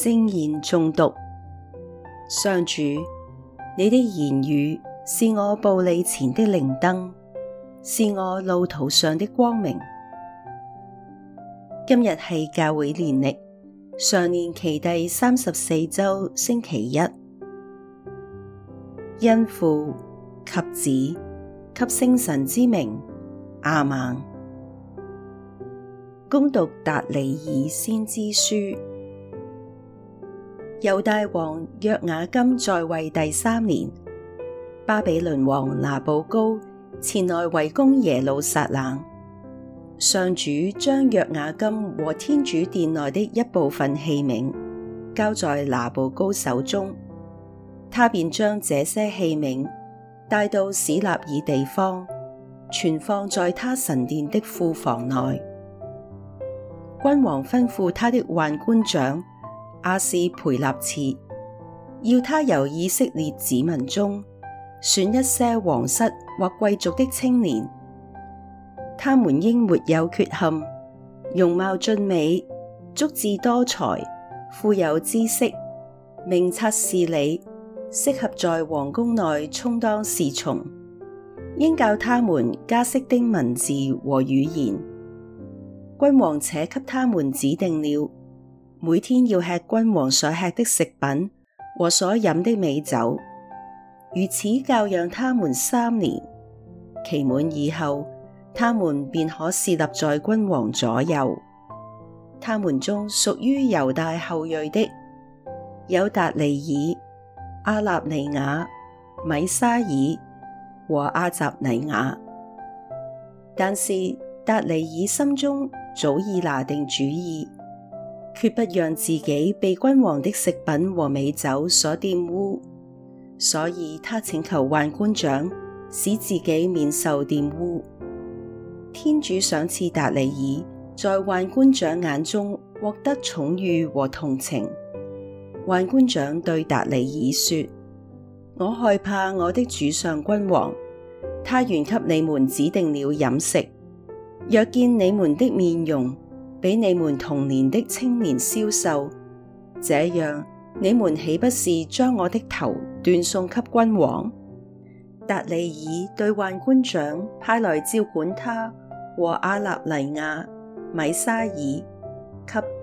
聖言誦讀，上主，你的言語是我步履前的靈燈，是我路途上的光明。今日係教會年曆常年期第三十四周星期一，因父，及子，及聖神之名，阿門。恭讀達尼爾先知書。猶大王約雅金在位第三年，巴比倫王拿步高前來圍攻耶路撒冷，上主將約雅金和天主殿內的一部分器皿，交在拿步高手中，他便將這些器皿帶到史納爾地方，存放在他神殿的庫房內。君王吩咐他的宦官長，阿市培納次要他由以色列子民中選一些王室或貴族的青年，他們應沒有缺陷，容貌俊美，足智多才，富有知識，明察事理，適合在王宮內充當侍從。應教他們加色丁文字和語言。君王且給他們指定了。每天要吃君王所吃的食品和所飲的美酒，如此教養他們三年，期滿以後，他們便可侍立在君王左右。他們中屬於猶大後裔的有達尼爾、阿納尼雅、米沙耳和阿匝黎雅。但是達尼爾心中早已拿定主意。絕不讓自己被君王的食品和美酒所玷污，所以他請求宦官長使自己免受玷污。天主賞賜達尼爾，在宦官長眼中獲得寵遇和同情。宦官長對達尼爾說：，我害怕我的主上君王，他原給你們指定了飲食，若見你們的面容。比你們同年的青年消瘦，這樣你們豈不是將我的頭斷送給君王？達尼爾對宦官長派來照管他和阿納尼雅、米沙耳及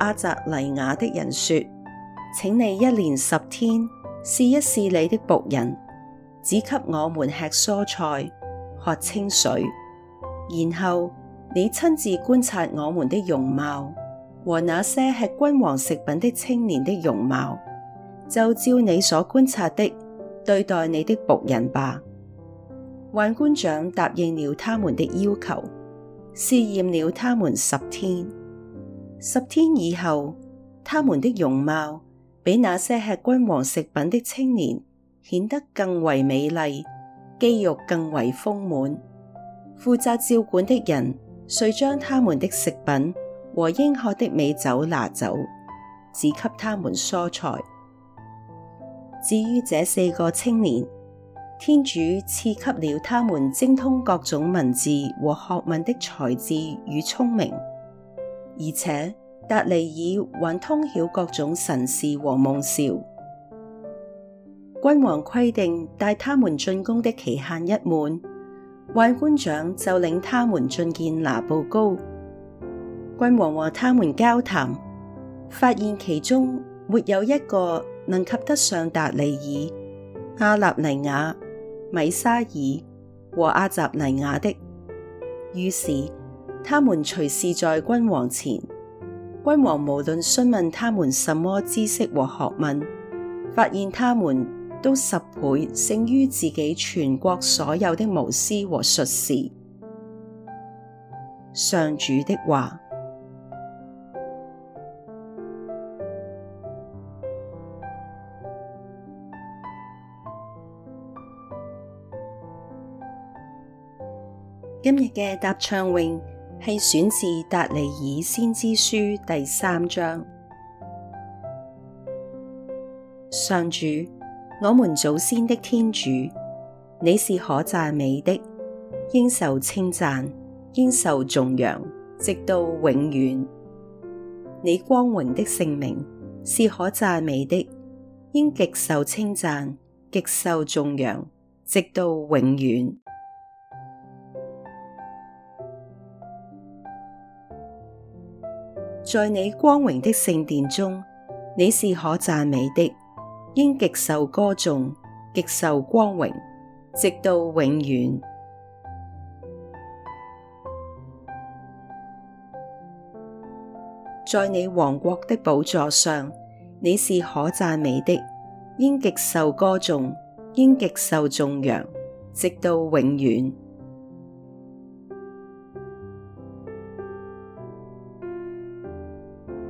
阿匝黎雅的人說：請你一連十天試一試你的僕人，只給我們吃蔬菜、喝清水，然後。你親自觀察我們的容貌，和那些吃君王食品的青年的容貌，就照你所觀察的對待你的僕人吧。宦官長答應了他們的要求，試驗了他們十天。十天以後，他們的容貌比那些吃君王食品的青年顯得更為美麗，肌肉更為豐滿。負責照管的人。遂將他們的食品和應喝的美酒拿走，只給他們蔬菜。至於這四個青年，天主賜給了他們精通各種文字和學問的才智與聰明，而且達尼爾還通曉各種神視和夢兆。君王規定帶他們進宮的期限一滿，宦官長就領他們進見拿步高。君王和他們交談，發現其中沒有一個能及得上達尼爾、阿納尼雅、米沙耳和阿匝黎雅的。於是他們隨侍在君王前，君王無論詢問他們什麼知識和學問，發現他們，都十倍勝於自己全國所有的巫師和術士。上主的話。今日嘅答唱詠係選自《達尼爾先知書》第三章。上主。我們祖先的天主，你是可讚美的，應受稱讚，應受頌揚，直到永遠。你光榮的聖名，是可讚美的，應極受稱讚，極受頌揚，直到永遠。在你光榮的聖殿中，你是可讚美的。應極受歌頌，極受光榮，直到永遠。在你王國的寶座上，你是可讚美的，應極受歌頌，應極受頌揚，直到永遠。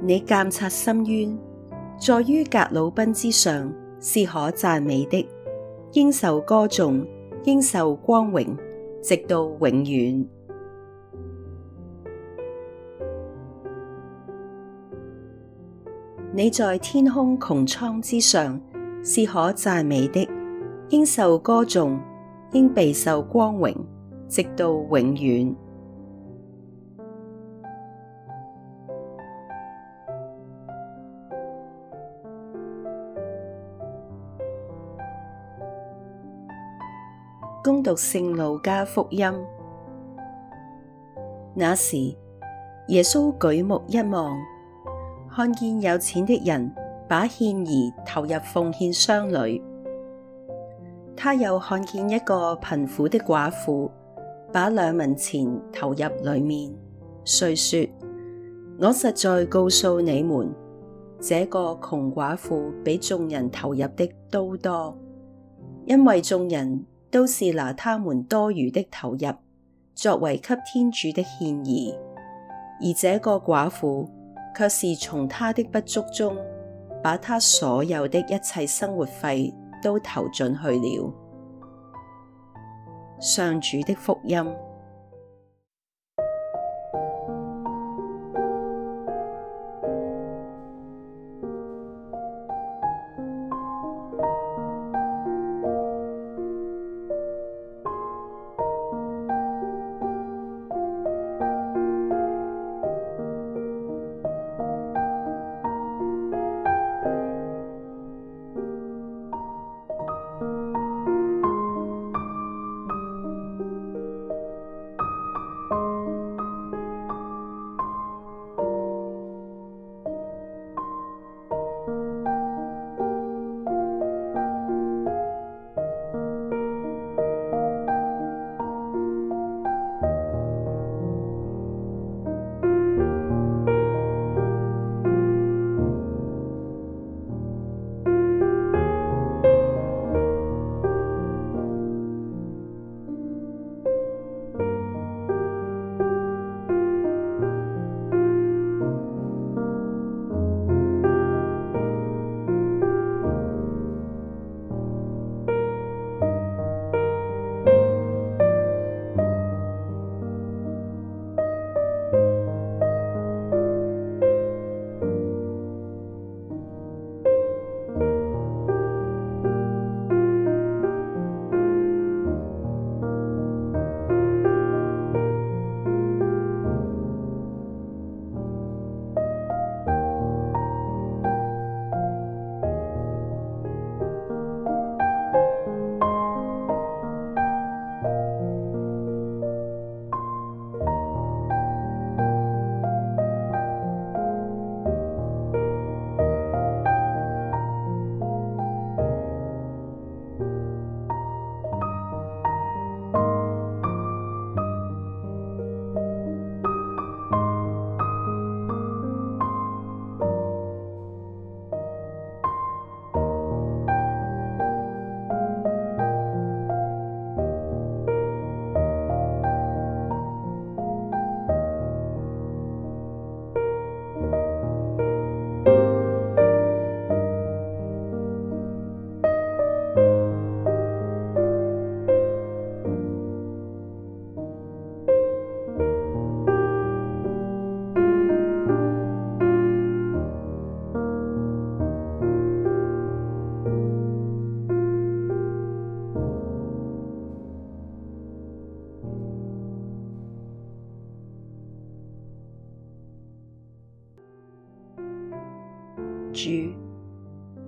你鑒察深淵。坐於革魯賓之上，是可讚美的，應受歌頌，應受光榮，直到永遠。 你在天空穹蒼之上，是可讚美的，應受歌頌，應備受光榮，直到永遠。恭讀聖路加福音，那時耶穌舉目一望，看見有錢的人把獻儀投入奉獻箱裏，他又看見一個貧苦的寡婦把兩文錢投入裏面，遂說：我實在告訴你們，這個窮寡婦比眾人投入的都多，因為眾人。都是拿他們多餘的投入，作為給天主的獻儀。而這個寡婦却是從他的不足中，把他所有的一切生活費都投進去了。上主的福音。